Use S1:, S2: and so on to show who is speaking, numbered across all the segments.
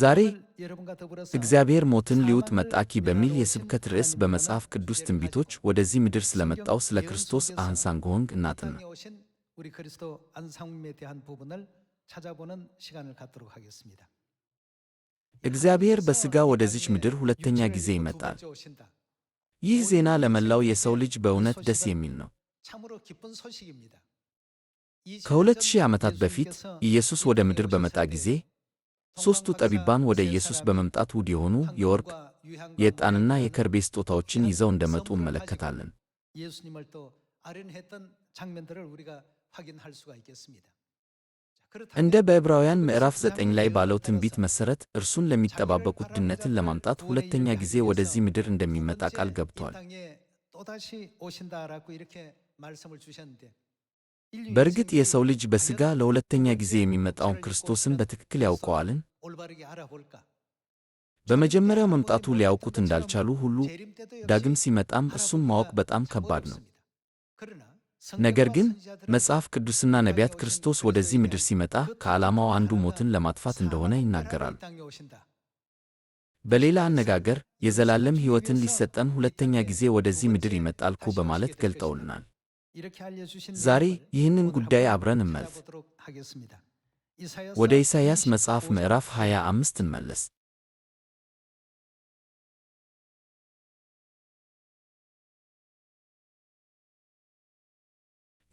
S1: ዛሬ እግዚአብሔር ሞትን ሊውጥ መጣኪ በሚል የስብከት ርዕስ በመጽሐፍ ቅዱስ ትንቢቶች ወደዚህ ምድር ስለመጣው ስለ ክርስቶስ አህንሳንጎንግ እናጥና እግዚአብሔር በሥጋ ወደዚች ምድር ሁለተኛ ጊዜ ይመጣል። ይህ ዜና ለመላው የሰው ልጅ በእውነት ደስ የሚል ነው። ከሁለት ሺህ ዓመታት በፊት ኢየሱስ ወደ ምድር በመጣ ጊዜ ሦስቱ ጠቢባን ወደ ኢየሱስ በመምጣት ውድ የሆኑ የወርቅ የዕጣንና የከርቤ ስጦታዎችን ይዘው እንደመጡ እመለከታለን። እንደ በዕብራውያን ምዕራፍ ዘጠኝ ላይ ባለው ትንቢት መሠረት እርሱን ለሚጠባበቁት ድነትን ለማምጣት ሁለተኛ ጊዜ ወደዚህ ምድር እንደሚመጣ ቃል ገብቷል። በእርግጥ የሰው ልጅ በሥጋ ለሁለተኛ ጊዜ የሚመጣውን ክርስቶስን በትክክል ያውቀዋልን? በመጀመሪያው መምጣቱ ሊያውቁት እንዳልቻሉ ሁሉ ዳግም ሲመጣም እሱም ማወቅ በጣም ከባድ ነው። ነገር ግን መጽሐፍ ቅዱስና ነቢያት ክርስቶስ ወደዚህ ምድር ሲመጣ ከዓላማው አንዱ ሞትን ለማጥፋት እንደሆነ ይናገራሉ። በሌላ አነጋገር የዘላለም ሕይወትን ሊሰጠን ሁለተኛ ጊዜ ወደዚህ ምድር ይመጣል በማለት ገልጠውልናል። ዛሬ ይህንን ጉዳይ አብረን እንመልስ። ወደ ኢሳይያስ መጽሐፍ ምዕራፍ 25 እንመለስ።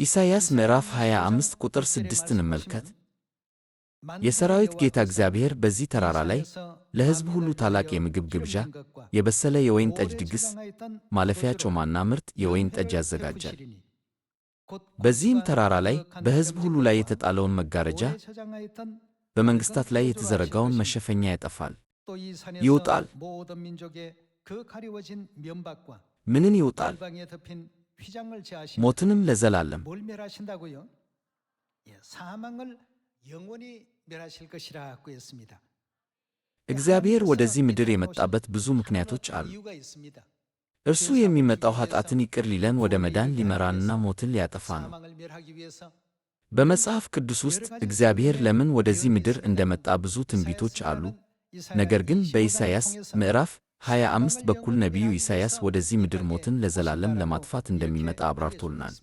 S1: ኢሳይያስ ምዕራፍ 25 ቁጥር 6 እንመልከት። የሰራዊት ጌታ እግዚአብሔር በዚህ ተራራ ላይ ለሕዝብ ሁሉ ታላቅ የምግብ ግብዣ፣ የበሰለ የወይን ጠጅ ድግስ፣ ማለፊያ ጮማና ምርጥ የወይን ጠጅ ያዘጋጃል። በዚህም ተራራ ላይ በሕዝብ ሁሉ ላይ የተጣለውን መጋረጃ፣ በመንግሥታት ላይ የተዘረጋውን መሸፈኛ ያጠፋል፣ ይውጣል። ምንን ይውጣል? ሞትንም ለዘላለም እግዚአብሔር ወደዚህ ምድር የመጣበት ብዙ ምክንያቶች አሉ። እርሱ የሚመጣው ኃጢአትን ይቅር ሊለን ወደ መዳን ሊመራንና ሞትን ሊያጠፋ ነው። በመጽሐፍ ቅዱስ ውስጥ እግዚአብሔር ለምን ወደዚህ ምድር እንደመጣ ብዙ ትንቢቶች አሉ። ነገር ግን በኢሳይያስ ምዕራፍ 25 በኩል ነቢዩ ኢሳይያስ ወደዚህ ምድር ሞትን ለዘላለም ለማጥፋት እንደሚመጣ አብራርቶልናል።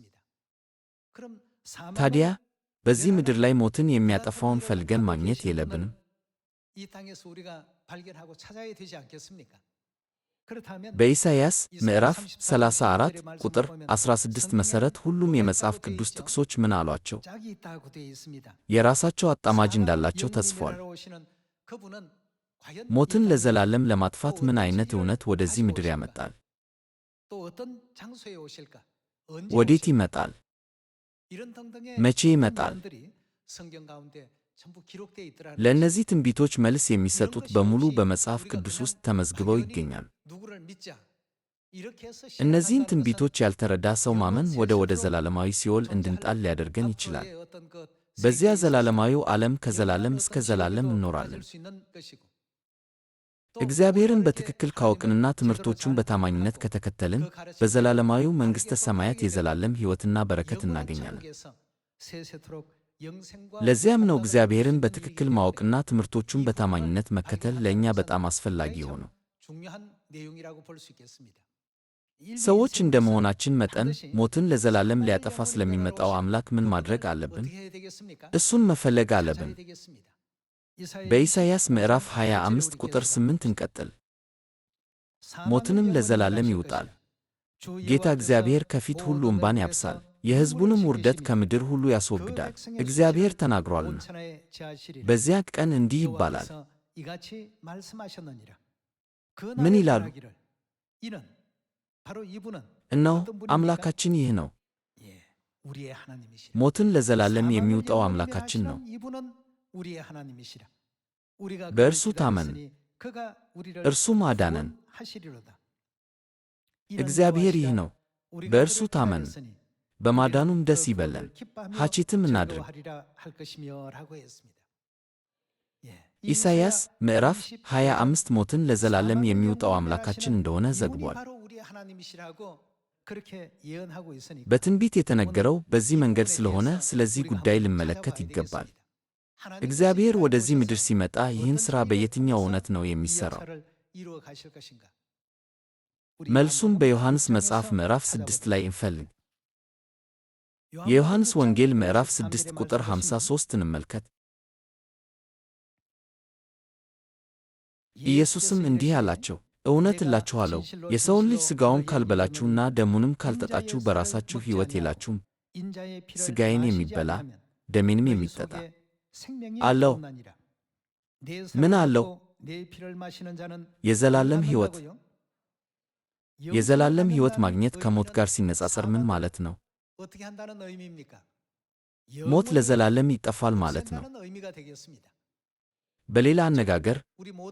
S1: ታዲያ በዚህ ምድር ላይ ሞትን የሚያጠፋውን ፈልገን ማግኘት የለብንም? በኢሳይያስ ምዕራፍ 34 ቁጥር 16 መሠረት ሁሉም የመጽሐፍ ቅዱስ ጥቅሶች ምን አሏቸው? የራሳቸው አጣማጅ እንዳላቸው ተጽፏል። ሞትን ለዘላለም ለማጥፋት ምን ዐይነት እውነት ወደዚህ ምድር ያመጣል? ወዴት ይመጣል? መቼ ይመጣል? ለእነዚህ ትንቢቶች መልስ የሚሰጡት በሙሉ በመጽሐፍ ቅዱስ ውስጥ ተመዝግበው ይገኛል። እነዚህን ትንቢቶች ያልተረዳ ሰው ማመን ወደ ወደ ዘላለማዊ ሲኦል እንድንጣል ሊያደርገን ይችላል። በዚያ ዘላለማዊው ዓለም ከዘላለም እስከ ዘላለም እንኖራለን። እግዚአብሔርን በትክክል ካወቅንና ትምህርቶቹን በታማኝነት ከተከተልን በዘላለማዊው መንግሥተ ሰማያት የዘላለም ሕይወትና በረከት እናገኛለን። ለዚያም ነው እግዚአብሔርን በትክክል ማወቅና ትምህርቶቹን በታማኝነት መከተል ለእኛ በጣም አስፈላጊ የሆነው። ሰዎች እንደ መሆናችን መጠን ሞትን ለዘላለም ሊያጠፋ ስለሚመጣው አምላክ ምን ማድረግ አለብን? እሱን መፈለግ አለብን። በኢሳይያስ ምዕራፍ 25 ቁጥር 8 እንቀጥል። ሞትንም ለዘላለም ይውጣል። ጌታ እግዚአብሔር ከፊት ሁሉ እምባን ያብሳል። የሕዝቡንም ውርደት ከምድር ሁሉ ያስወግዳል፣ እግዚአብሔር ተናግሯልና። በዚያ ቀን እንዲህ ይባላል። ምን ይላሉ? እነሆ አምላካችን ይህ ነው፣ ሞትን ለዘላለም የሚውጠው አምላካችን ነው። በእርሱ ታመን፣ እርሱም አዳነን። እግዚአብሔር ይህ ነው፣ በእርሱ ታመን በማዳኑም ደስ ይበለን፣ ሐሤትም እናድርግ። ኢሳይያስ ምዕራፍ 25 ሞትን ለዘላለም የሚውጠው አምላካችን እንደሆነ ዘግቧል። በትንቢት የተነገረው በዚህ መንገድ ስለሆነ ስለዚህ ጉዳይ ልመለከት ይገባል። እግዚአብሔር ወደዚህ ምድር ሲመጣ ይህን ሥራ በየትኛው እውነት ነው የሚሠራው? መልሱም በዮሐንስ መጽሐፍ ምዕራፍ 6 ላይ እንፈልግ። የዮሐንስ ወንጌል ምዕራፍ 6 ቁጥር 53 እንመልከት። ኢየሱስም እንዲህ አላቸው፣ እውነት እላችኋለሁ የሰውን ልጅ ሥጋውን ካልበላችሁና ደሙንም ካልጠጣችሁ በራሳችሁ ሕይወት የላችሁም። ሥጋዬን የሚበላ ደሜንም የሚጠጣ አለው። ምን አለው? የዘላለም ሕይወት። የዘላለም ሕይወት ማግኘት ከሞት ጋር ሲነጻጸር ምን ማለት ነው? ሞት ለዘላለም ይጠፋል ማለት ነው። በሌላ አነጋገር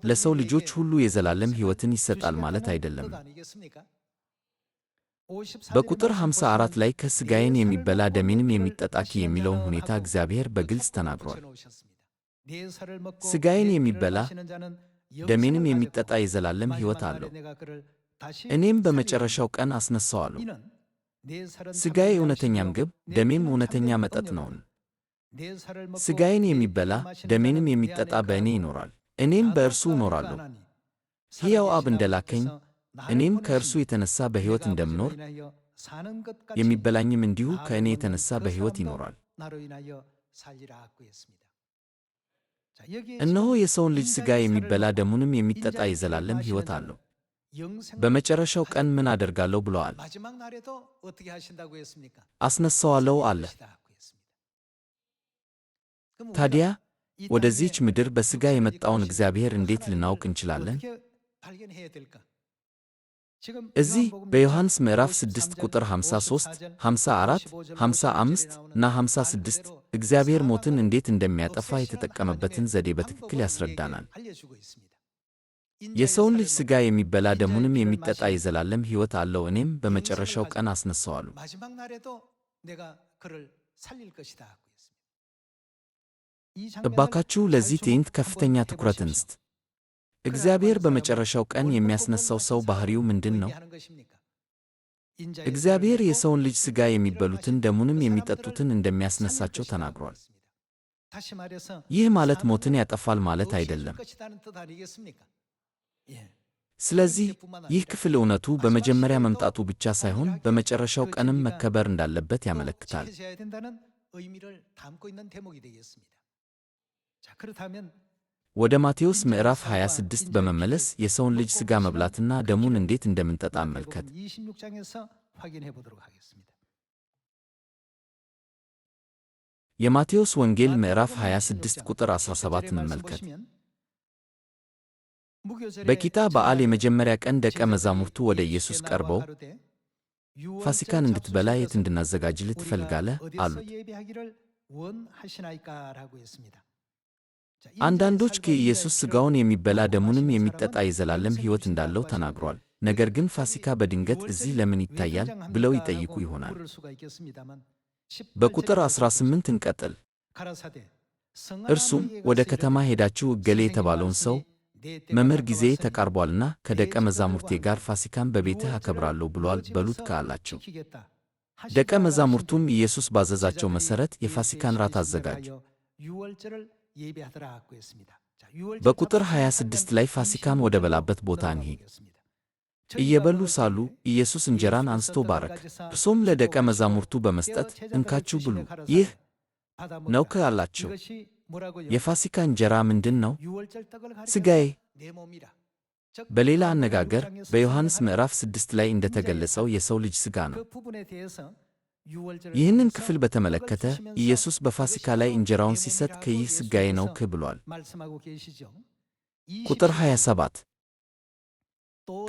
S1: ለሰው ልጆች ሁሉ የዘላለም ሕይወትን ይሰጣል ማለት አይደለም። በቁጥር 54 ላይ ከሥጋዬን የሚበላ ደሜንም የሚጠጣኪ የሚለውን ሁኔታ እግዚአብሔር በግልጽ ተናግሯል። ሥጋዬን የሚበላ ደሜንም የሚጠጣ የዘላለም ሕይወት አለው፣ እኔም በመጨረሻው ቀን አስነሣዋለሁ። ሥጋዬ እውነተኛ ምግብ፣ ደሜም እውነተኛ መጠጥ ነውን። ሥጋዬን የሚበላ ደሜንም የሚጠጣ በእኔ ይኖራል፣ እኔም በእርሱ እኖራለሁ። ሕያው አብ እንደላከኝ እኔም ከእርሱ የተነሣ በሕይወት እንደምኖር የሚበላኝም እንዲሁ ከእኔ የተነሣ በሕይወት ይኖራል። እነሆ የሰውን ልጅ ሥጋ የሚበላ ደሙንም የሚጠጣ የዘላለም ሕይወት አለው። በመጨረሻው ቀን ምን አደርጋለሁ ብለዋል? አስነሳዋለሁ አለ። ታዲያ ወደዚች ምድር በሥጋ የመጣውን እግዚአብሔር እንዴት ልናውቅ እንችላለን? እዚህ በዮሐንስ ምዕራፍ 6 ቁጥር 53፣ 54፣ 55 እና 56 እግዚአብሔር ሞትን እንዴት እንደሚያጠፋ የተጠቀመበትን ዘዴ በትክክል ያስረዳናል። የሰውን ልጅ ሥጋ የሚበላ ደሙንም የሚጠጣ የዘላለም ሕይወት አለው፣ እኔም በመጨረሻው ቀን አስነሣዋለሁ። እባካችሁ ለዚህ ትዕይንት ከፍተኛ ትኩረት እንስት። እግዚአብሔር በመጨረሻው ቀን የሚያስነሳው ሰው ባሕሪው ምንድን ነው? እግዚአብሔር የሰውን ልጅ ሥጋ የሚበሉትን ደሙንም የሚጠጡትን እንደሚያስነሳቸው ተናግሯል። ይህ ማለት ሞትን ያጠፋል ማለት አይደለም። ስለዚህ ይህ ክፍል እውነቱ በመጀመሪያ መምጣቱ ብቻ ሳይሆን በመጨረሻው ቀንም መከበር እንዳለበት ያመለክታል። ወደ ማቴዎስ ምዕራፍ 26 በመመለስ የሰውን ልጅ ሥጋ መብላትና ደሙን እንዴት እንደምንጠጣ አመልከት። የማቴዎስ ወንጌል ምዕራፍ 26 ቁጥር 17 እንመልከት። በቂጣ በዓል የመጀመሪያ ቀን ደቀ መዛሙርቱ ወደ ኢየሱስ ቀርበው ፋሲካን እንድትበላ የት እንድናዘጋጅልህ ትፈልጋለህ? አሉት። አንዳንዶች ከኢየሱስ ሥጋውን የሚበላ ደሙንም የሚጠጣ የዘላለም ሕይወት እንዳለው ተናግሯል። ነገር ግን ፋሲካ በድንገት እዚህ ለምን ይታያል? ብለው ይጠይቁ ይሆናል። በቁጥር 18 እንቀጥል። እርሱም ወደ ከተማ ሄዳችሁ እገሌ የተባለውን ሰው መምህር ጊዜ ተቃርቧልና ከደቀ መዛሙርቴ ጋር ፋሲካን በቤትህ አከብራለሁ ብሏል በሉት ካላቸው ደቀ መዛሙርቱም ኢየሱስ ባዘዛቸው መሠረት የፋሲካን ራት አዘጋጁ። በቁጥር 26 ላይ ፋሲካን ወደ በላበት ቦታ እንሂድ። እየበሉ ሳሉ ኢየሱስ እንጀራን አንስቶ ባረክ፣ እርሶም ለደቀ መዛሙርቱ በመስጠት እንካችሁ ብሉ፣ ይህ ነው አላቸው። የፋሲካ እንጀራ ምንድን ነው? ሥጋዬ። በሌላ አነጋገር በዮሐንስ ምዕራፍ ስድስት ላይ እንደተገለጸው የሰው ልጅ ሥጋ ነው። ይህንን ክፍል በተመለከተ ኢየሱስ በፋሲካ ላይ እንጀራውን ሲሰጥ ከይህ ሥጋዬ ነው ክ ብሏል። ቁጥር 27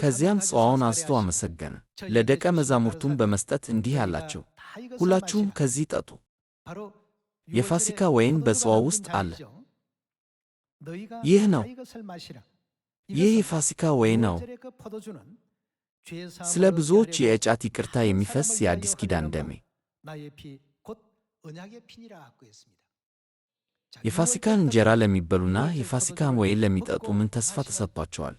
S1: ከዚያም ጽዋውን አንስቶ አመሰገነ፣ ለደቀ መዛሙርቱም በመስጠት እንዲህ አላቸው፣ ሁላችሁም ከዚህ ጠጡ የፋሲካ ወይን በጽዋው ውስጥ አለ። ይህ ነው። ይህ የፋሲካ ወይን ነው፣ ስለ ብዙዎች የኃጢአት ይቅርታ የሚፈስ የአዲስ ኪዳን ደሜ። የፋሲካን እንጀራ ለሚበሉና የፋሲካን ወይን ለሚጠጡ ምን ተስፋ ተሰጥቷቸዋል?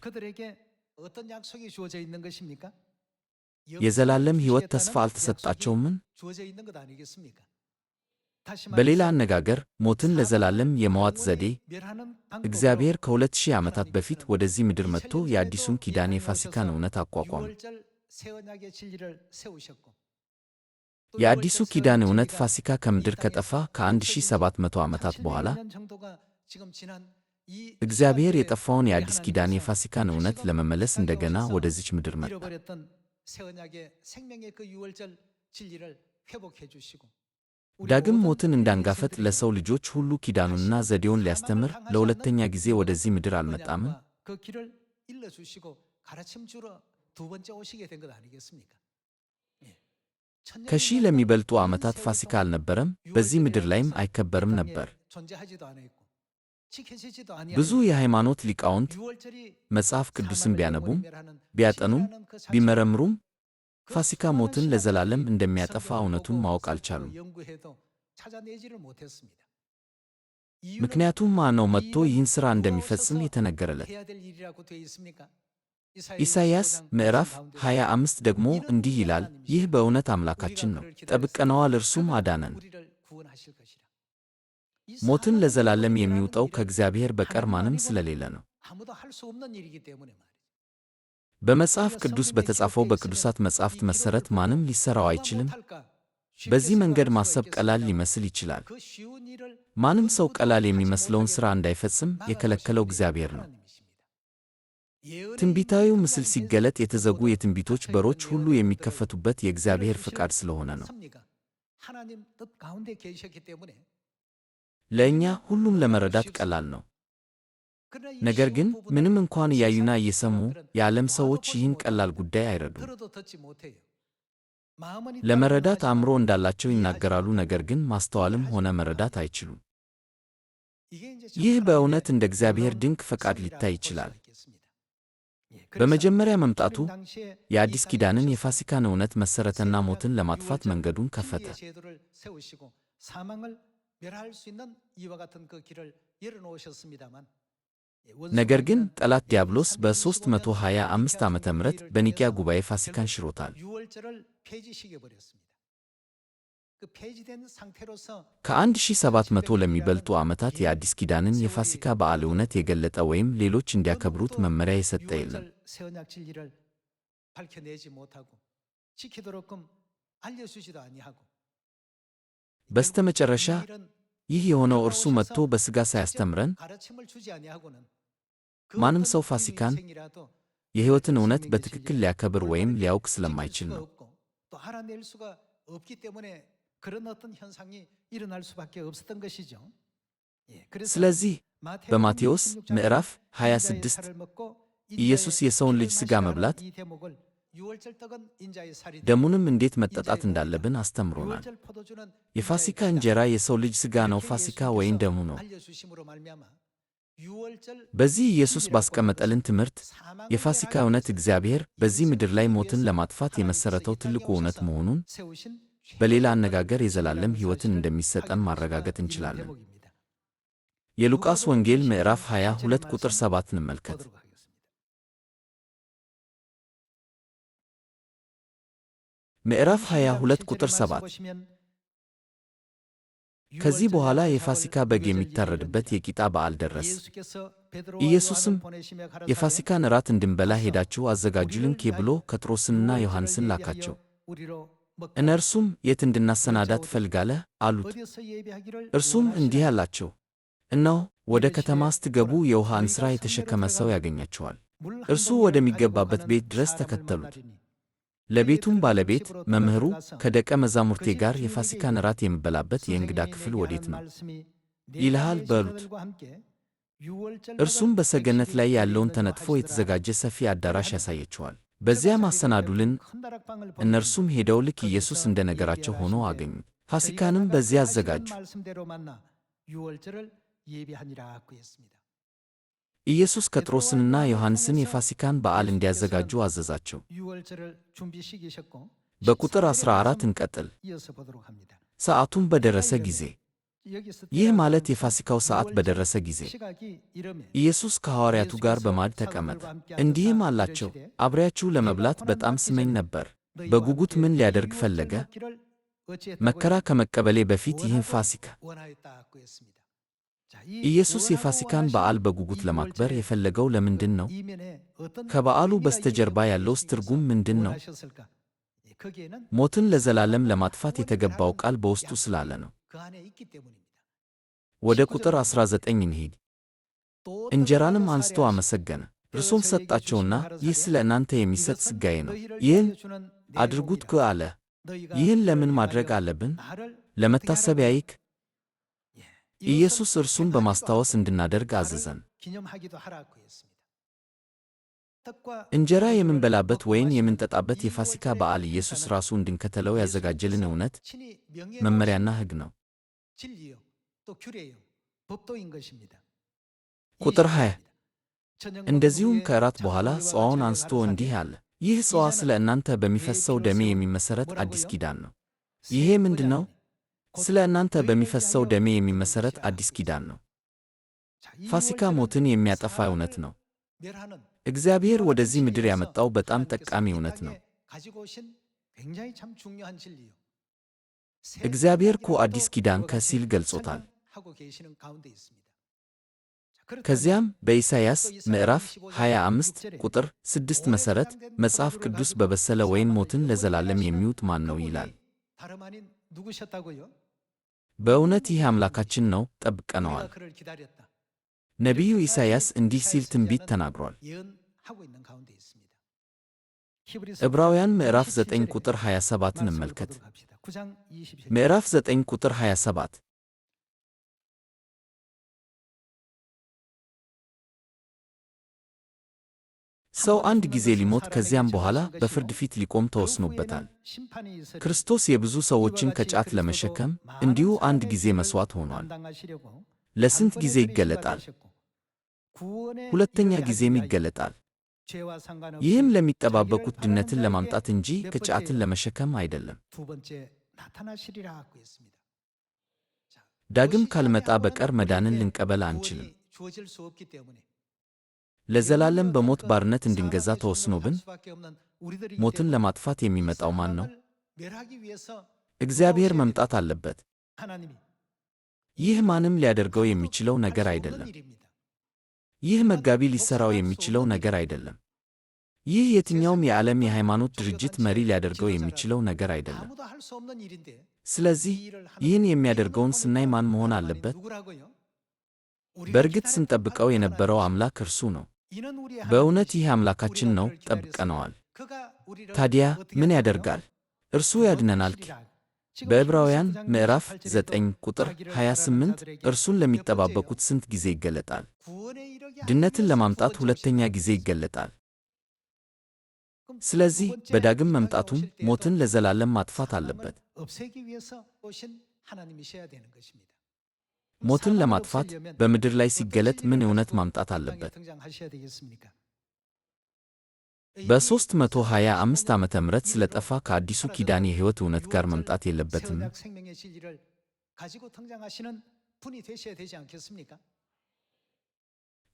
S1: የዘላለም ሕይወት ተስፋ አልተሰጣቸውምን? በሌላ አነጋገር ሞትን ለዘላለም የመዋጥ ዘዴ። እግዚአብሔር ከሁለት ሺህ ዓመታት በፊት ወደዚህ ምድር መጥቶ የአዲሱን ኪዳን የፋሲካን እውነት አቋቋመ። የአዲሱ ኪዳን እውነት ፋሲካ ከምድር ከጠፋ ከ1700 ዓመታት በኋላ እግዚአብሔር የጠፋውን የአዲስ ኪዳን የፋሲካን እውነት ለመመለስ እንደገና ወደዚች ምድር መጣ። ዳግም ሞትን እንዳንጋፈጥ ለሰው ልጆች ሁሉ ኪዳኑንና ዘዴውን ሊያስተምር ለሁለተኛ ጊዜ ወደዚህ ምድር አልመጣምን? ከሺህ ለሚበልጡ ዓመታት ፋሲካ አልነበረም፣ በዚህ ምድር ላይም አይከበርም ነበር። ብዙ የሃይማኖት ሊቃውንት መጽሐፍ ቅዱስን ቢያነቡም ቢያጠኑም ቢመረምሩም ፋሲካ ሞትን ለዘላለም እንደሚያጠፋ እውነቱን ማወቅ አልቻሉም። ምክንያቱም ማነው መጥቶ ይህን ሥራ እንደሚፈጽም የተነገረለት? ኢሳይያስ ምዕራፍ 25 ደግሞ እንዲህ ይላል፣ ይህ በእውነት አምላካችን ነው፣ ጠብቀነዋል፣ እርሱም አዳነን። ሞትን ለዘላለም የሚውጠው ከእግዚአብሔር በቀር ማንም ስለሌለ ነው። በመጽሐፍ ቅዱስ በተጻፈው በቅዱሳት መጻሕፍት መሠረት ማንም ሊሠራው አይችልም። በዚህ መንገድ ማሰብ ቀላል ሊመስል ይችላል። ማንም ሰው ቀላል የሚመስለውን ሥራ እንዳይፈጽም የከለከለው እግዚአብሔር ነው። ትንቢታዊው ምስል ሲገለጥ የተዘጉ የትንቢቶች በሮች ሁሉ የሚከፈቱበት የእግዚአብሔር ፍቃድ ስለሆነ ነው። ለእኛ ሁሉም ለመረዳት ቀላል ነው። ነገር ግን ምንም እንኳን እያዩና እየሰሙ የዓለም ሰዎች ይህን ቀላል ጉዳይ አይረዱም። ለመረዳት አእምሮ እንዳላቸው ይናገራሉ፣ ነገር ግን ማስተዋልም ሆነ መረዳት አይችሉም። ይህ በእውነት እንደ እግዚአብሔር ድንቅ ፈቃድ ሊታይ ይችላል። በመጀመሪያ መምጣቱ የአዲስ ኪዳንን የፋሲካን እውነት መሠረተና ሞትን ለማጥፋት መንገዱን ከፈተ። ነገር ግን ጠላት ዲያብሎስ በ325 ዓ ም በኒቅያ ጉባኤ ፋሲካን ሽሮታል። ከ1700 ለሚበልጡ ዓመታት የአዲስ ኪዳንን የፋሲካ በዓል እውነት የገለጠ ወይም ሌሎች እንዲያከብሩት መመሪያ የሰጠ የለም። መጨረሻ ይህ የሆነው እርሱ መጥቶ በሥጋ ሳያስተምረን ማንም ሰው ፋሲካን የሕይወትን እውነት በትክክል ሊያከብር ወይም ሊያውቅ ስለማይችል ነው። ስለዚህ በማቴዎስ ምዕራፍ 26 ኢየሱስ የሰውን ልጅ ሥጋ መብላት ደሙንም እንዴት መጠጣት እንዳለብን አስተምሮናል። የፋሲካ እንጀራ የሰው ልጅ ሥጋ ነው፣ ፋሲካ ወይን ደሙ ነው። በዚህ ኢየሱስ ባስቀመጠልን ትምህርት የፋሲካ እውነት እግዚአብሔር በዚህ ምድር ላይ ሞትን ለማጥፋት የመሠረተው ትልቁ እውነት መሆኑን፣ በሌላ አነጋገር የዘላለም ሕይወትን እንደሚሰጠን ማረጋገጥ እንችላለን። የሉቃስ ወንጌል ምዕራፍ 22 ቁጥር 7 እንመልከት። ምዕራፍ 22 ቁጥር 7 ከዚህ በኋላ የፋሲካ በግ የሚታረድበት የቂጣ በዓል ደረስ። ኢየሱስም የፋሲካን እራት እንድንበላ ሄዳችሁ አዘጋጁልን ብሎ ጴጥሮስንና ዮሐንስን ላካቸው። እነርሱም የት እንድናሰናዳ ትፈልጋለህ አሉት። እርሱም እንዲህ አላቸው፣ እነሆ ወደ ከተማ ስትገቡ የውሃ እንስራ የተሸከመ ሰው ያገኛችኋል። እርሱ ወደሚገባበት ቤት ድረስ ተከተሉት። ለቤቱም ባለቤት መምህሩ ከደቀ መዛሙርቴ ጋር የፋሲካን ራት የምበላበት የእንግዳ ክፍል ወዴት ነው ይልሃል በሉት። እርሱም በሰገነት ላይ ያለውን ተነጥፎ የተዘጋጀ ሰፊ አዳራሽ ያሳየችዋል። በዚያም አሰናዱልን። እነርሱም ሄደው ልክ ኢየሱስ እንደ ነገራቸው ሆኖ አገኙ። ፋሲካንም በዚያ አዘጋጁ። ኢየሱስ ጴጥሮስንና ዮሐንስን የፋሲካን በዓል እንዲያዘጋጁ አዘዛቸው። በቁጥር 14 እንቀጥል። ሰዓቱም በደረሰ ጊዜ ይህ ማለት የፋሲካው ሰዓት በደረሰ ጊዜ ኢየሱስ ከሐዋርያቱ ጋር በማዕድ ተቀመጠ። እንዲህም አላቸው፣ አብሬያችሁ ለመብላት በጣም ስመኝ ነበር። በጉጉት ምን ሊያደርግ ፈለገ? መከራ ከመቀበሌ በፊት ይህን ፋሲካ ኢየሱስ የፋሲካን በዓል በጉጉት ለማክበር የፈለገው ለምንድን ነው? ከበዓሉ በስተጀርባ ያለውስ ትርጉም ምንድን ነው? ሞትን ለዘላለም ለማጥፋት የተገባው ቃል በውስጡ ስላለ ነው። ወደ ቁጥር 19 እንሂድ። እንጀራንም አንስቶ አመሰገነ፣ እርሱም ሰጣቸውና ይህ ስለ እናንተ የሚሰጥ ሥጋዬ ነው፣ ይህን አድርጉት አለ። ይህን ለምን ማድረግ አለብን? ለመታሰቢያ ይክ ኢየሱስ እርሱን በማስታወስ እንድናደርግ አዘዘን። እንጀራ የምንበላበት ወይን የምንጠጣበት የፋሲካ በዓል ኢየሱስ ራሱ እንድንከተለው ያዘጋጀልን እውነት፣ መመሪያና ሕግ ነው። ቁጥር 20 እንደዚሁም ከእራት በኋላ ጽዋውን አንስቶ እንዲህ አለ፣ ይህ ጽዋ ስለ እናንተ በሚፈሰው ደሜ የሚመሠረት አዲስ ኪዳን ነው። ይሄ ምንድን ነው? ስለ እናንተ በሚፈሰው ደሜ የሚመሠረት አዲስ ኪዳን ነው። ፋሲካ ሞትን የሚያጠፋ እውነት ነው። እግዚአብሔር ወደዚህ ምድር ያመጣው በጣም ጠቃሚ እውነት ነው። እግዚአብሔር እኮ አዲስ ኪዳን ከሲል ገልጾታል። ከዚያም በኢሳይያስ ምዕራፍ 25 ቁጥር 6 መሠረት መጽሐፍ ቅዱስ በበሰለ ወይን ሞትን ለዘላለም የሚውጥ ማን ነው ይላል። በእውነት ይህ አምላካችን ነው፣ ጠብቀነዋል። ነቢዩ ኢሳይያስ እንዲህ ሲል ትንቢት ተናግሯል። ዕብራውያን ምዕራፍ 9 ቁጥር 27 እንመልከት። ምዕራፍ 9 ቁጥር 27 ሰው አንድ ጊዜ ሊሞት ከዚያም በኋላ በፍርድ ፊት ሊቆም ተወስኖበታል። ክርስቶስ የብዙ ሰዎችን ከጫት ለመሸከም እንዲሁ አንድ ጊዜ መሥዋዕት ሆኗል። ለስንት ጊዜ ይገለጣል? ሁለተኛ ጊዜም ይገለጣል። ይህም ለሚጠባበቁት ድነትን ለማምጣት እንጂ ከጫትን ለመሸከም አይደለም። ዳግም ካልመጣ በቀር መዳንን ልንቀበል አንችልም። ለዘላለም በሞት ባርነት እንድንገዛ ተወስኖብን ሞትን ለማጥፋት የሚመጣው ማን ነው? እግዚአብሔር መምጣት አለበት። ይህ ማንም ሊያደርገው የሚችለው ነገር አይደለም። ይህ መጋቢ ሊሠራው የሚችለው ነገር አይደለም። ይህ የትኛውም የዓለም የሃይማኖት ድርጅት መሪ ሊያደርገው የሚችለው ነገር አይደለም። ስለዚህ ይህን የሚያደርገውን ስናይ ማን መሆን አለበት? በእርግጥ ስንጠብቀው የነበረው አምላክ እርሱ ነው። በእውነት ይህ አምላካችን ነው፣ ጠብቀነዋል። ታዲያ ምን ያደርጋል? እርሱ ያድነናል። በዕብራውያን ምዕራፍ 9 ቁጥር 28 እርሱን ለሚጠባበቁት ስንት ጊዜ ይገለጣል? ድነትን ለማምጣት ሁለተኛ ጊዜ ይገለጣል። ስለዚህ በዳግም መምጣቱም ሞትን ለዘላለም ማጥፋት አለበት። ሞትን ለማጥፋት በምድር ላይ ሲገለጥ ምን እውነት ማምጣት አለበት? በ325 ዓመተ ምህረት ስለጠፋ ከአዲሱ ኪዳን የሕይወት እውነት ጋር መምጣት የለበትም?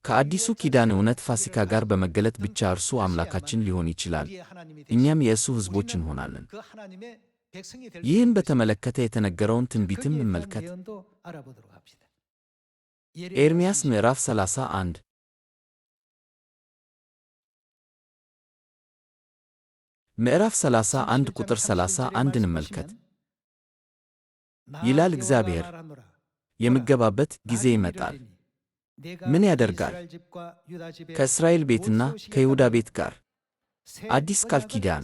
S1: ከአዲሱ ኪዳን እውነት ፋሲካ ጋር በመገለጥ ብቻ እርሱ አምላካችን ሊሆን ይችላል፣ እኛም የእሱ ሕዝቦች እንሆናለን። ይህን በተመለከተ የተነገረውን ትንቢትም እንመልከት። ኤርምያስ ምዕራፍ 31 ምዕራፍ 31 ቁጥር 31 እንመልከት። ይላል እግዚአብሔር፣ የምገባበት ጊዜ ይመጣል። ምን ያደርጋል? ከእስራኤል ቤትና ከይሁዳ ቤት ጋር አዲስ ቃል ኪዳን።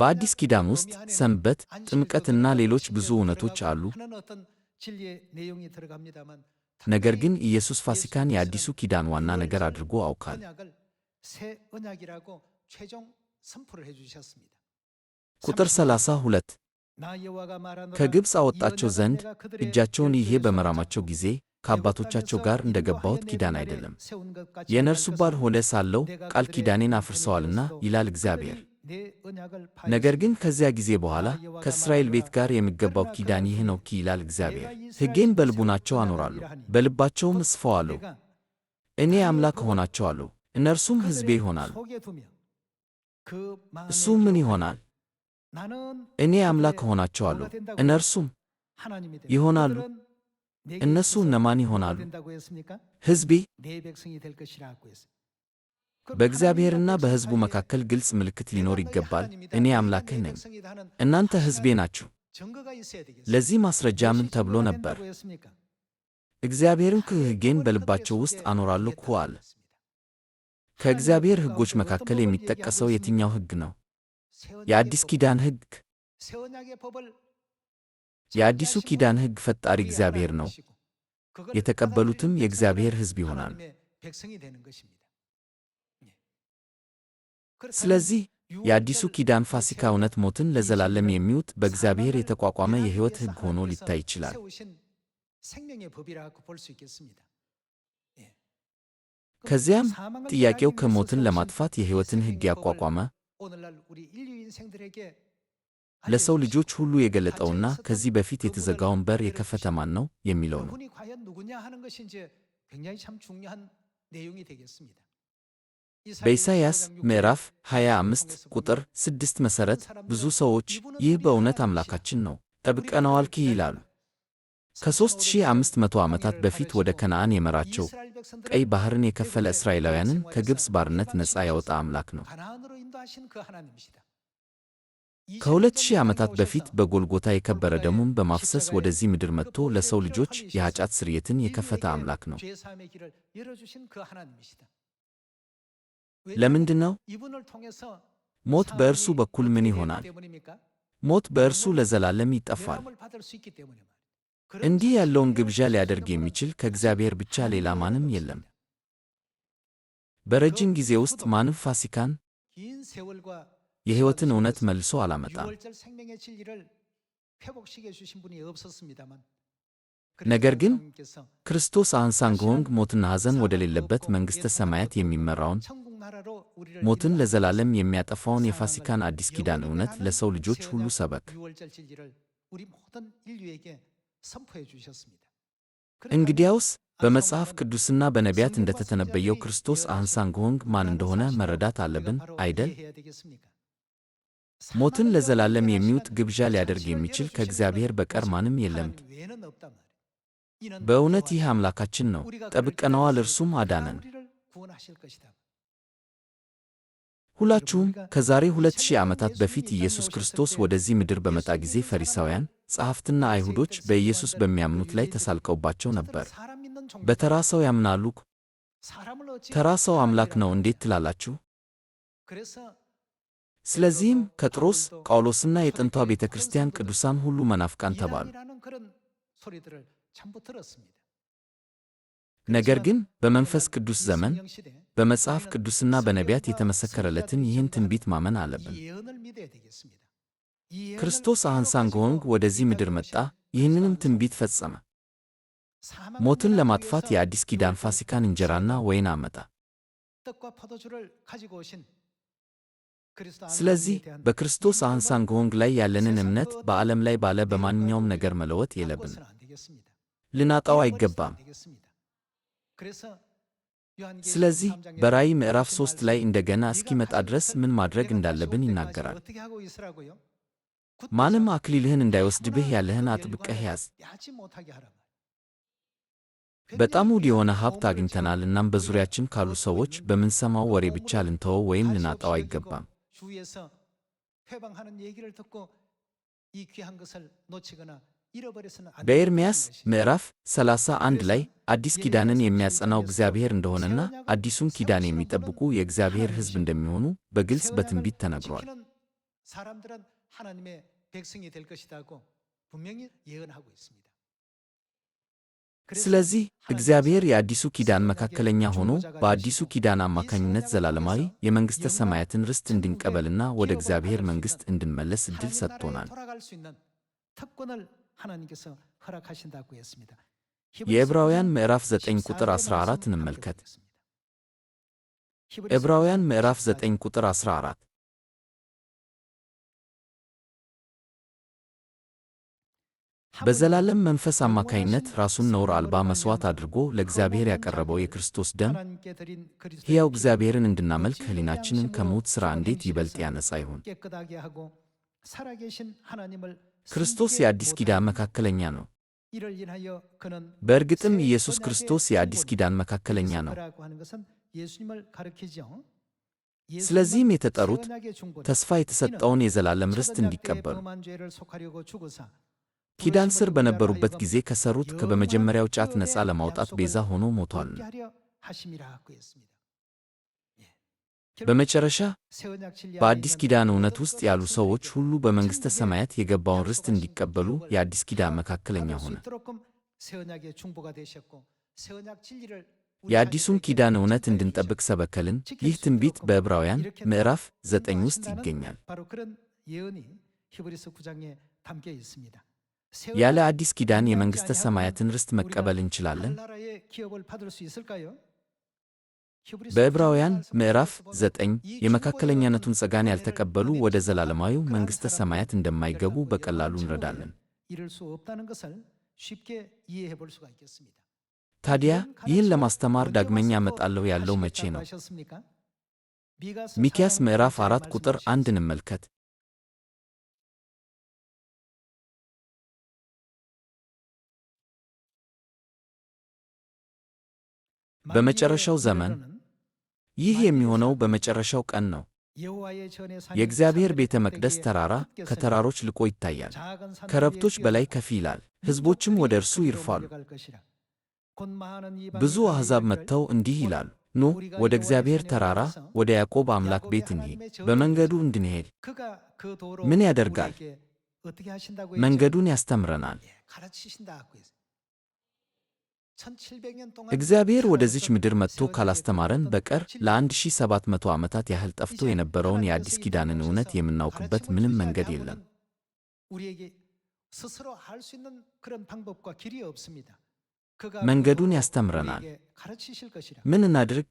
S1: በአዲስ ኪዳን ውስጥ ሰንበት፣ ጥምቀትና ሌሎች ብዙ እውነቶች አሉ። ነገር ግን ኢየሱስ ፋሲካን የአዲሱ ኪዳን ዋና ነገር አድርጎ አውቃል። ቁጥር 32 ከግብፅ አወጣቸው ዘንድ እጃቸውን ይሄ በመራማቸው ጊዜ ከአባቶቻቸው ጋር እንደ ገባሁት ኪዳን አይደለም፣ የእነርሱ ባልሆነ ሳለው ቃል ኪዳኔን አፍርሰዋልና ይላል እግዚአብሔር። ነገር ግን ከዚያ ጊዜ በኋላ ከእስራኤል ቤት ጋር የሚገባው ኪዳን ይህ ነው ኪ ይላል እግዚአብሔር። ሕጌን በልቡናቸው አኖራሉ፣ በልባቸውም እጽፈዋለሁ። እኔ አምላክ እሆናቸዋለሁ፣ እነርሱም ሕዝቤ ይሆናሉ። እሱ ምን ይሆናል? እኔ አምላክ እሆናቸዋለሁ፣ እነርሱም ይሆናሉ። እነሱ እነማን ይሆናሉ? ሕዝቤ በእግዚአብሔርና በሕዝቡ መካከል ግልጽ ምልክት ሊኖር ይገባል። እኔ አምላክህ ነኝ፣ እናንተ ሕዝቤ ናችሁ። ለዚህ ማስረጃ ምን ተብሎ ነበር? እግዚአብሔርን ክህ ሕጌን በልባቸው ውስጥ አኖራለሁ አለ። ከእግዚአብሔር ሕጎች መካከል የሚጠቀሰው የትኛው ሕግ ነው? የአዲስ ኪዳን ሕግ። የአዲሱ ኪዳን ሕግ ፈጣሪ እግዚአብሔር ነው። የተቀበሉትም የእግዚአብሔር ሕዝብ ይሆናል። ስለዚህ የአዲሱ ኪዳን ፋሲካ እውነት ሞትን ለዘላለም የሚውጥ በእግዚአብሔር የተቋቋመ የሕይወት ሕግ ሆኖ ሊታይ ይችላል። ከዚያም ጥያቄው ከሞትን ለማጥፋት የሕይወትን ሕግ ያቋቋመ ለሰው ልጆች ሁሉ የገለጠውና ከዚህ በፊት የተዘጋውን በር የከፈተ ማን ነው የሚለው ነው። በኢሳይያስ ምዕራፍ 25 ቁጥር 6 መሠረት ብዙ ሰዎች ይህ በእውነት አምላካችን ነው ጠብቀነዋልኪ ይላሉ። ከ3500 ዓመታት በፊት ወደ ከነዓን የመራቸው ቀይ ባሕርን የከፈለ እስራኤላውያንን ከግብፅ ባርነት ነፃ ያወጣ አምላክ ነው። ከ2000 ዓመታት በፊት በጎልጎታ የከበረ ደሙን በማፍሰስ ወደዚህ ምድር መጥቶ ለሰው ልጆች የኃጢአት ስርየትን የከፈተ አምላክ ነው። ለምንድን ነው? ሞት በእርሱ በኩል ምን ይሆናል? ሞት በእርሱ ለዘላለም ይጠፋል። እንዲህ ያለውን ግብዣ ሊያደርግ የሚችል ከእግዚአብሔር ብቻ ሌላ ማንም የለም። በረጅም ጊዜ ውስጥ ማንም ፋሲካን የሕይወትን እውነት መልሶ አላመጣም። ነገር ግን ክርስቶስ አንሳንግሆንግ ሞትና ሐዘን ወደሌለበት መንግሥተ ሰማያት የሚመራውን ሞትን ለዘላለም የሚያጠፋውን የፋሲካን አዲስ ኪዳን እውነት ለሰው ልጆች ሁሉ ሰበክ። እንግዲያውስ በመጽሐፍ ቅዱስና በነቢያት እንደተተነበየው ክርስቶስ አህንሳንግሆንግ ማን እንደሆነ መረዳት አለብን አይደል? ሞትን ለዘላለም የሚውጥ ግብዣ ሊያደርግ የሚችል ከእግዚአብሔር በቀር ማንም የለም። በእውነት ይህ አምላካችን ነው፣ ጠብቀነዋል፣ እርሱም አዳነን። ሁላችሁም ከዛሬ ሁለት ሺህ ዓመታት በፊት ኢየሱስ ክርስቶስ ወደዚህ ምድር በመጣ ጊዜ ፈሪሳውያን፣ ጸሐፍትና አይሁዶች በኢየሱስ በሚያምኑት ላይ ተሳልቀውባቸው ነበር። በተራ ሰው ያምናሉ። ተራ ሰው አምላክ ነው እንዴት ትላላችሁ? ስለዚህም ከጥሮስ ጳውሎስና የጥንቷ ቤተ ክርስቲያን ቅዱሳን ሁሉ መናፍቃን ተባሉ። ነገር ግን በመንፈስ ቅዱስ ዘመን በመጽሐፍ ቅዱስና በነቢያት የተመሰከረለትን ይህን ትንቢት ማመን አለብን። ክርስቶስ አህንሳንግሆንግ ወደዚህ ምድር መጣ፣ ይህንንም ትንቢት ፈጸመ። ሞትን ለማጥፋት የአዲስ ኪዳን ፋሲካን እንጀራና ወይን አመጣ። ስለዚህ በክርስቶስ አህንሳንግሆንግ ላይ ያለንን እምነት በዓለም ላይ ባለ በማንኛውም ነገር መለወጥ የለብን፣ ልናጣው አይገባም። ስለዚህ በራእይ ምዕራፍ ሦስት ላይ እንደገና እስኪመጣ ድረስ ምን ማድረግ እንዳለብን ይናገራል። ማንም አክሊልህን እንዳይወስድብህ ያለህን አጥብቀህ ያዝ። በጣም ውድ የሆነ ሀብት አግኝተናል። እናም በዙሪያችን ካሉ ሰዎች በምንሰማው ወሬ ብቻ ልንተወው ወይም ልናጣው አይገባም። በኤርምያስ ምዕራፍ 31 ላይ አዲስ ኪዳንን የሚያጸናው እግዚአብሔር እንደሆነና አዲሱን ኪዳን የሚጠብቁ የእግዚአብሔር ሕዝብ እንደሚሆኑ በግልጽ በትንቢት ተነግሯል። ስለዚህ እግዚአብሔር የአዲሱ ኪዳን መካከለኛ ሆኖ በአዲሱ ኪዳን አማካኝነት ዘላለማዊ የመንግሥተ ሰማያትን ርስት እንድንቀበልና ወደ እግዚአብሔር መንግሥት እንድንመለስ ዕድል ሰጥቶናል። 하나님께서 허락하신다고 했습니다. የዕብራውያን ምዕራፍ 9 ቁጥር 14 እንመልከት። ዕብራውያን ምዕራፍ 9 ቁጥር 14 በዘላለም መንፈስ አማካይነት ራሱን ነውር አልባ መሥዋዕት አድርጎ ለእግዚአብሔር ያቀረበው የክርስቶስ ደም ሕያው እግዚአብሔርን እንድናመልክ ሕሊናችንን ከሞት ሥራ እንዴት ይበልጥ ያነጻ ይሆን? ክርስቶስ የአዲስ ኪዳን መካከለኛ ነው። በእርግጥም ኢየሱስ ክርስቶስ የአዲስ ኪዳን መካከለኛ ነው። ስለዚህም የተጠሩት ተስፋ የተሰጠውን የዘላለም ርስት እንዲቀበሉ ኪዳን ስር በነበሩበት ጊዜ ከሰሩት ከበመጀመሪያው ጫት ነፃ ለማውጣት ቤዛ ሆኖ ሞቷል። በመጨረሻ በአዲስ ኪዳን እውነት ውስጥ ያሉ ሰዎች ሁሉ በመንግሥተ ሰማያት የገባውን ርስት እንዲቀበሉ የአዲስ ኪዳን መካከለኛ ሆነ። የአዲሱን ኪዳን እውነት እንድንጠብቅ ሰበከልን። ይህ ትንቢት በዕብራውያን ምዕራፍ ዘጠኝ ውስጥ ይገኛል። ያለ አዲስ ኪዳን የመንግሥተ ሰማያትን ርስት መቀበል እንችላለን? በዕብራውያን ምዕራፍ ዘጠኝ የመካከለኛነቱን ጸጋን ያልተቀበሉ ወደ ዘላለማዊው መንግሥተ ሰማያት እንደማይገቡ በቀላሉ እንረዳለን። ታዲያ ይህን ለማስተማር ዳግመኛ እመጣለሁ ያለው መቼ ነው? ሚኪያስ ምዕራፍ አራት ቁጥር አንድ እንመልከት። በመጨረሻው ዘመን ይህ የሚሆነው በመጨረሻው ቀን ነው። የእግዚአብሔር ቤተ መቅደስ ተራራ ከተራሮች ልቆ ይታያል፣ ከረብቶች በላይ ከፍ ይላል፣ ሕዝቦችም ወደ እርሱ ይርፋሉ። ብዙ አሕዛብ መጥተው እንዲህ ይላሉ፣ ኑ ወደ እግዚአብሔር ተራራ ወደ ያዕቆብ አምላክ ቤት እንሂድ። በመንገዱ እንድንሄድ ምን ያደርጋል? መንገዱን ያስተምረናል። እግዚአብሔር ወደዚች ምድር መጥቶ ካላስተማረን በቀር ለ1700 ዓመታት ያህል ጠፍቶ የነበረውን የአዲስ ኪዳንን እውነት የምናውቅበት ምንም መንገድ የለም። መንገዱን ያስተምረናል። ምን እናድርግ?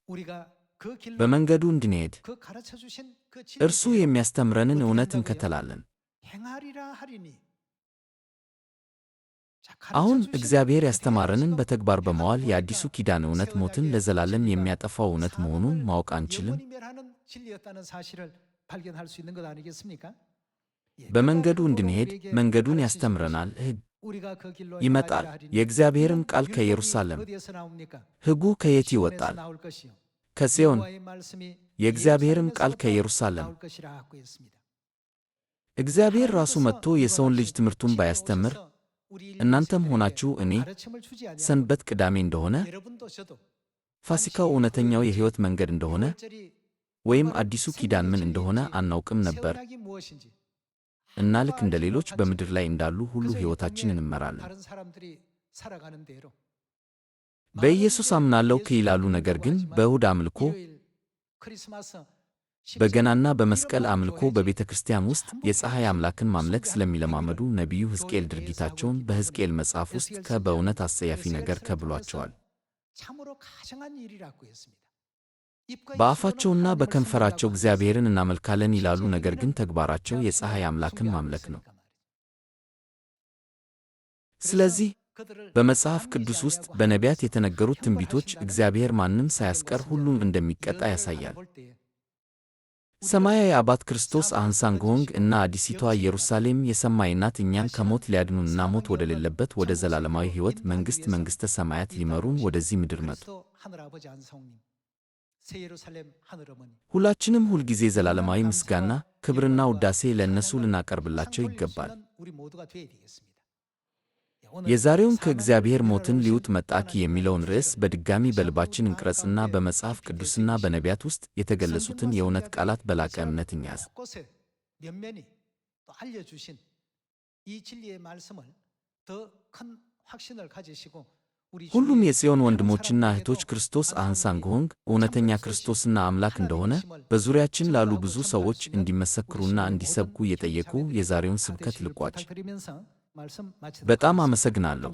S1: በመንገዱ እንድንሄድ እርሱ የሚያስተምረንን እውነት እንከተላለን። አሁን እግዚአብሔር ያስተማረንን በተግባር በመዋል የአዲሱ ኪዳን እውነት ሞትን ለዘላለም የሚያጠፋው እውነት መሆኑን ማወቅ አንችልም? በመንገዱ እንድንሄድ መንገዱን ያስተምረናል። ሕግ ይመጣል። የእግዚአብሔርም ቃል ከኢየሩሳሌም። ሕጉ ከየት ይወጣል? ከጽዮን። የእግዚአብሔርም ቃል ከኢየሩሳሌም። እግዚአብሔር ራሱ መጥቶ የሰውን ልጅ ትምህርቱን ባያስተምር እናንተም ሆናችሁ እኔ ሰንበት ቅዳሜ እንደሆነ ፋሲካው እውነተኛው የሕይወት መንገድ እንደሆነ ወይም አዲሱ ኪዳን ምን እንደሆነ አናውቅም ነበር እና ልክ እንደ ሌሎች በምድር ላይ እንዳሉ ሁሉ ሕይወታችን እንመራለን። በኢየሱስ አምናለሁ ይላሉ፣ ነገር ግን በእሁድ አምልኮ በገናና በመስቀል አምልኮ በቤተ ክርስቲያን ውስጥ የፀሐይ አምላክን ማምለክ ስለሚለማመዱ ነቢዩ ሕዝቅኤል ድርጊታቸውን በሕዝቅኤል መጽሐፍ ውስጥ ከ በእውነት አስጸያፊ ነገር ከብሏቸዋል። በአፋቸውና በከንፈራቸው እግዚአብሔርን እናመልካለን ይላሉ፣ ነገር ግን ተግባራቸው የፀሐይ አምላክን ማምለክ ነው። ስለዚህ በመጽሐፍ ቅዱስ ውስጥ በነቢያት የተነገሩት ትንቢቶች እግዚአብሔር ማንም ሳያስቀር ሁሉም እንደሚቀጣ ያሳያል። ሰማያዊ አባት ክርስቶስ አህንሳንጎንግ እና አዲሲቷ ኢየሩሳሌም የሰማይ ናት። እኛን ከሞት ሊያድኑንና ሞት ወደሌለበት ወደ ዘላለማዊ ሕይወት መንግሥት መንግሥተ ሰማያት ሊመሩን ወደዚህ ምድር መጡ። ሁላችንም ሁልጊዜ ዘላለማዊ ምስጋና፣ ክብርና ውዳሴ ለእነሱ ልናቀርብላቸው ይገባል። የዛሬውን ከእግዚአብሔር ሞትን ሊውጥ መጣኪ የሚለውን ርዕስ በድጋሚ በልባችን እንቅረጽና በመጽሐፍ ቅዱስና በነቢያት ውስጥ የተገለጹትን የእውነት ቃላት በላቀ እምነት እንያዝ። ሁሉም የጽዮን ወንድሞችና እህቶች ክርስቶስ አህንሳንግሆንግ እውነተኛ ክርስቶስና አምላክ እንደሆነ በዙሪያችን ላሉ ብዙ ሰዎች እንዲመሰክሩና እንዲሰብኩ እየጠየቁ የዛሬውን ስብከት ልቋጭ። በጣም አመሰግናለሁ።